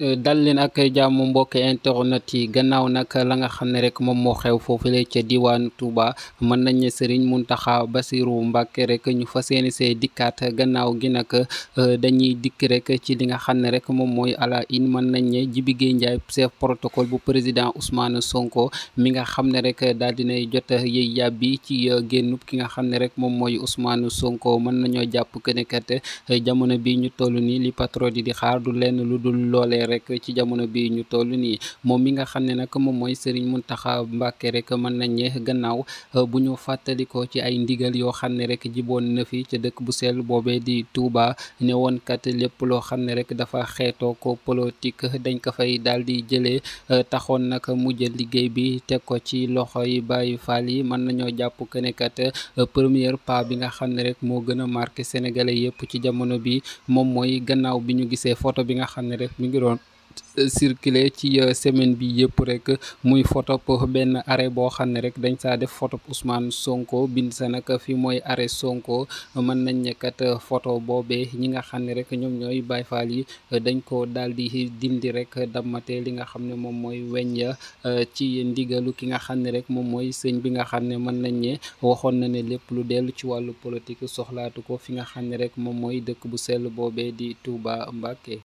Euh, dal leen ak jàmm mbokk internet yi gannaaw nag la nga xam ne rek moom moo xew foofu foofule ca diwaan Touba mën nañ ne Serigne Mountakha Bassirou Mbacké rek ñu fa yéene see dikkaat gannaaw gi nag euh, dañuy dikk rek ci li nga xam ne rek moom mooy ala in mën nañ ne Djibi Gueye Ndiaye chef bu président Ousmane Sonko mi nga xam ne rek daal dinay jot yëy yàbbi ci euh, génnub ki nga xam ne rek moom mooy Ousmane Sonko mën nañoo jàpp que ne kat jamono bi ñu toll nii li patriote di xaar du lenn lu dul loolee rek ci jamono bi ñu toll nii moom mi nga xam ne nag moom mooy Serigne Mountakha Mbacké rek mën nañ ñe gannaaw euh, bu ñu fàttalikoo ci ay ndigal yoo xam ne rek jiboon na fi ca dëkk bu sell boobee di Touba ne woon kat lépp loo xam ne rek dafa xeetoo ko politique dañ ko fay daal di jëlee euh, taxoon nag mu jël liggéey bi teg ko ci loxo yi Baye Fall yi mën nañoo jàpp que ne kat euh, premier pas bi nga xam ne rek moo gën a marqué sénégalais yëpp ci jamono bi moom mooy gannaaw bi ñu gisee photo bi nga xam ne rek mi ngi circulé ci euh, semaine bi yëpp rek muy photo benn arrêt boo xam ne rek dañ saa def photo Ousmane Sonko bind sa nag fi mooy are Sonko mën nañ ne kat euh, photo boobee ñi nga xam ne rek ñoom ñooy Baye yi euh, dañ ko daal di dindi rek dammate li nga xam ne moom mooy weñ ya ci ndigalu ki nga xam ne rek moom mooy sëñ bi nga xam ne mën nañ ne waxoon na ne lépp lu dellu ci wàllu politique soxlaatu ko fi nga xam ne rek moom mooy dëkk bu sell boobee di tuuba Mbacké